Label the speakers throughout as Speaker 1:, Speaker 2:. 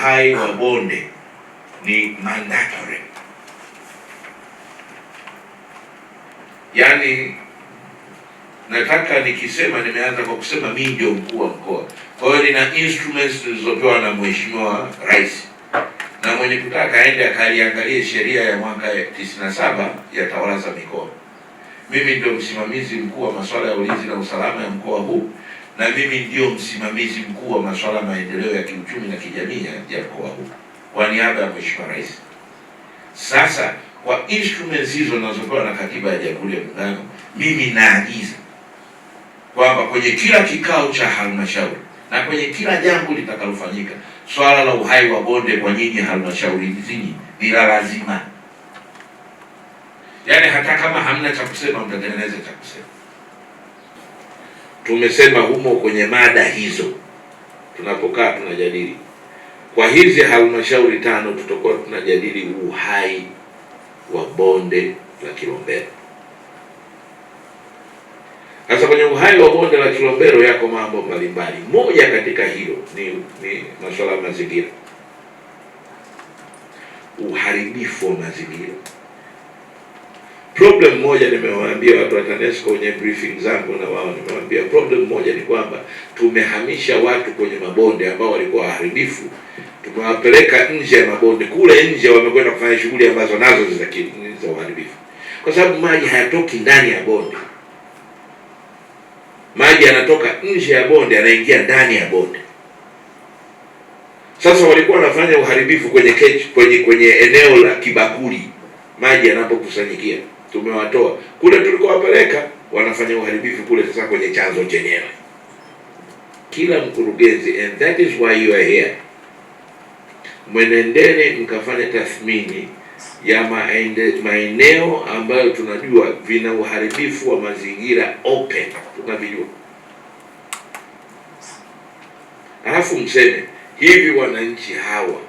Speaker 1: uhai wa bonde ni mandatory, yaani nataka nikisema, nimeanza kwa kusema mimi ndio mkuu wa mkoa, kwa hiyo nina instruments zilizopewa na mheshimiwa rais, na mwenye kutaka aende akaliangalie sheria ya mwaka 97 ya tawala za mikoa. Mimi ndio msimamizi mkuu wa masuala ya ulinzi na usalama ya mkoa huu na mimi ndio msimamizi mkuu wa masuala maendeleo ya kiuchumi na kijamii ya mkoa huu kwa niaba ya Mheshimiwa Rais. Sasa kwa instruments hizo ninazopewa na katiba ya Jamhuri ya Muungano, mimi naagiza kwamba kwenye kila kikao cha halmashauri na kwenye kila jambo litakalofanyika, swala la uhai wa bonde kwa nyinyi halmashauri zinyi ni la lazima. Yaani hata kama hamna cha kusema, mtatengeneza cha kusema tumesema humo kwenye mada hizo tunapokaa tunajadili. Kwa hizi halmashauri tano tutakuwa tunajadili uhai wa bonde la Kilombero. Sasa kwenye uhai wa bonde la Kilombero yako mambo mbalimbali, moja katika hilo ni, ni masuala ya mazingira, uharibifu wa mazingira Problem moja nimewaambia watu wa TANESCO kwenye briefing zangu na wao nimewaambia, problem moja ni kwamba tumehamisha watu kwenye mabonde ambao walikuwa waharibifu, tumewapeleka nje ya mabonde. Kule nje wamekwenda kufanya shughuli ambazo nazo za uharibifu, kwa sababu maji hayatoki ndani ya bonde, maji yanatoka nje ya bonde, yanaingia ndani ya bonde. Sasa walikuwa wanafanya uharibifu kwenye, kwenye, kwenye eneo la kibakuli maji yanapokusanyikia tumewatoa kule tulikowapeleka, wanafanya uharibifu kule sasa kwenye chanzo chenyewe. Kila mkurugenzi, and that is why you are here, mwenendeni mkafanya tathmini ya maende, maeneo ambayo tunajua vina uharibifu wa mazingira open, tunavijua alafu mseme hivi, wananchi hawa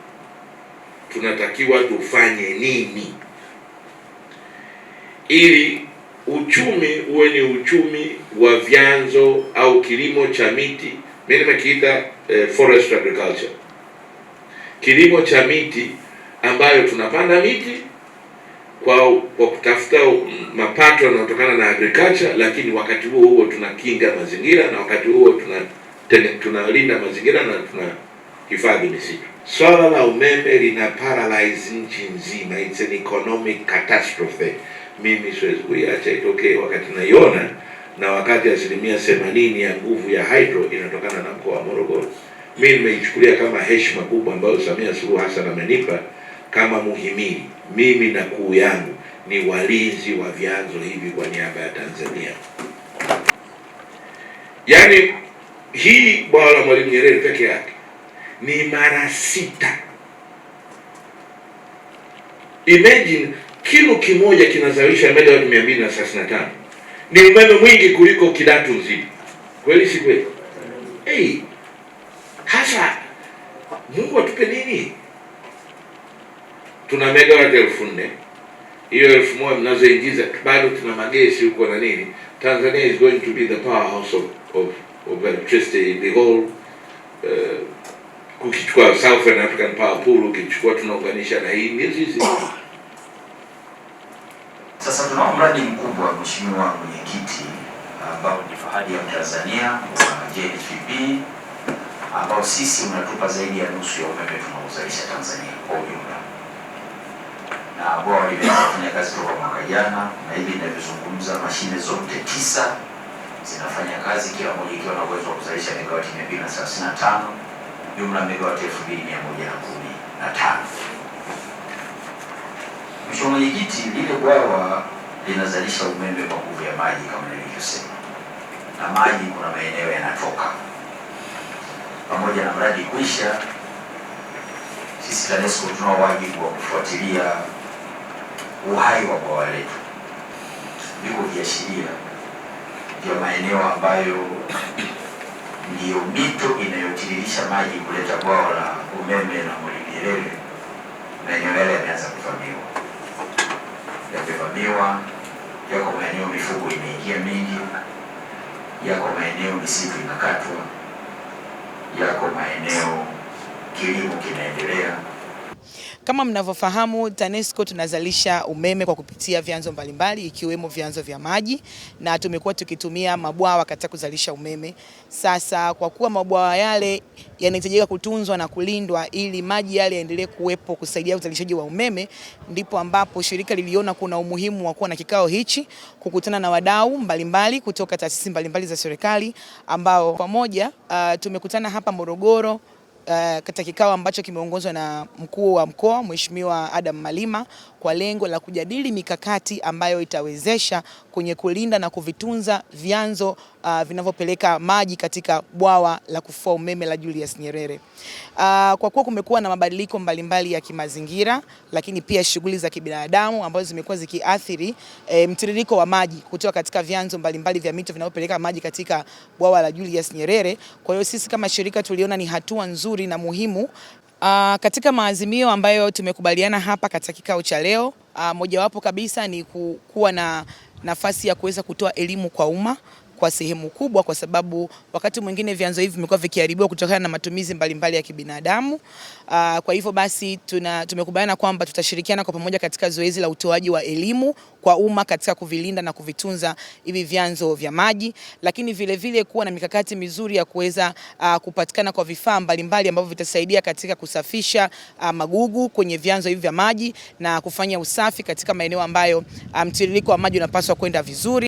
Speaker 1: tunatakiwa tufanye nini? ili uchumi uwe ni uchumi wa vyanzo au kilimo cha miti. Mimi nimekiita eh, forest agriculture, kilimo cha miti ambayo tunapanda miti kwa kwa kutafuta mapato yanayotokana na agriculture, lakini wakati huo huo tunakinga mazingira na wakati huo tunalinda mazingira na tuna hifadhi misitu. Swala la umeme lina paralyze nchi nzima, it's an economic catastrophe mimi siwezi kuiacha itokee wakati naiona, na wakati asilimia themanini ya nguvu ya hydro inatokana na mkoa wa Morogoro. Mi nimeichukulia kama heshima kubwa ambayo Samia Suluhu Hassan amenipa kama muhimili. Mimi na kuu yangu ni walinzi wa vyanzo hivi kwa niaba ya Tanzania. Yaani hii bwawa la Mwalimu Nyerere peke yake ni mara sita. Imagine kilo kimoja kinazalisha megawati mia mbili na thelathini na tano ni umeme mwingi kuliko Kidatu nzima, kweli si kweli? Hey, hasa Mungu atupe nini? Tuna megawati elfu nne hiyo elfu moja mnazoingiza bado tuna magesi huko na nini. Tanzania is going to be the powerhouse of, of, of electricity in the whole uh, ukichukua Southern African Power Pool ukichukua tunaunganisha na hii
Speaker 2: sasa tunao mradi mkubwa Mheshimiwa Mwenyekiti, ambao ni fahari ya Tanzania wa JHPP, ambao sisi unatupa zaidi ya nusu ya umeme tunaozalisha Tanzania kwa ujumla, na bwawa limefanya kazi toka mwaka jana, na hivi ninavyozungumza mashine zote tisa zinafanya kazi, kila moja ikiwa na uwezo wa kuzalisha megawati 235 jumla megawati 2115. Mheshimiwa Mwenyekiti, lile bwawa linazalisha umeme kwa nguvu ya maji kama nilivyosema, na maji kuna maeneo yanatoka. Pamoja na mradi kuisha, sisi TANESCO tunao wajibu wa kufuatilia uhai wa bwawa letu. Viko viashiria vya maeneo ambayo ndiyo mito inayotiririsha maji kuleta bwawa la umeme na Mwalimu Nyerere, maeneo yale yameanza kuvamiwa yamevamiwa, yako maeneo mifugo imeingia mingi, yako maeneo misitu inakatwa, yako maeneo kilimo kinaendelea
Speaker 3: kama mnavyofahamu, TANESCO tunazalisha umeme kwa kupitia vyanzo mbalimbali ikiwemo vyanzo vya maji na tumekuwa tukitumia mabwawa katika kuzalisha umeme. Sasa kwa kuwa mabwawa yale yanahitajika kutunzwa na kulindwa ili maji yale yaendelee kuwepo kusaidia uzalishaji wa umeme, ndipo ambapo shirika liliona kuna umuhimu wa kuwa na kikao hichi, kukutana na wadau mbalimbali kutoka taasisi mbalimbali za serikali ambao pamoja uh, tumekutana hapa Morogoro Eh, katika kikao ambacho kimeongozwa na mkuu wa mkoa Mheshimiwa Adam Malima kwa lengo la kujadili mikakati ambayo itawezesha kwenye kulinda na kuvitunza vyanzo uh, vinavyopeleka maji katika bwawa la kufua umeme la Julius Nyerere. Uh, kwa kuwa kumekuwa na mabadiliko mbalimbali ya kimazingira, lakini pia shughuli za kibinadamu ambazo zimekuwa zikiathiri e, mtiririko wa maji kutoka katika vyanzo mbalimbali vya mito vinavyopeleka maji katika bwawa la Julius Nyerere. Kwa hiyo sisi kama shirika tuliona ni hatua nzuri na muhimu Uh, katika maazimio ambayo tumekubaliana hapa katika kikao cha leo, uh, mojawapo kabisa ni kuwa na nafasi ya kuweza kutoa elimu kwa umma kwa sehemu kubwa, kwa sababu wakati mwingine vyanzo hivi vimekuwa vikiharibiwa kutokana na matumizi mbalimbali mbali ya kibinadamu. Ah, kwa hivyo basi tuna, tumekubaliana kwamba tutashirikiana kwa pamoja katika zoezi la utoaji wa elimu kwa umma katika kuvilinda na kuvitunza hivi vyanzo vya maji, lakini vile vile kuwa na mikakati mizuri ya kuweza uh, kupatikana kwa vifaa mbalimbali ambavyo vitasaidia katika kusafisha uh, magugu kwenye vyanzo hivi vya maji na kufanya usafi katika maeneo ambayo mtiririko wa maji unapaswa kwenda vizuri.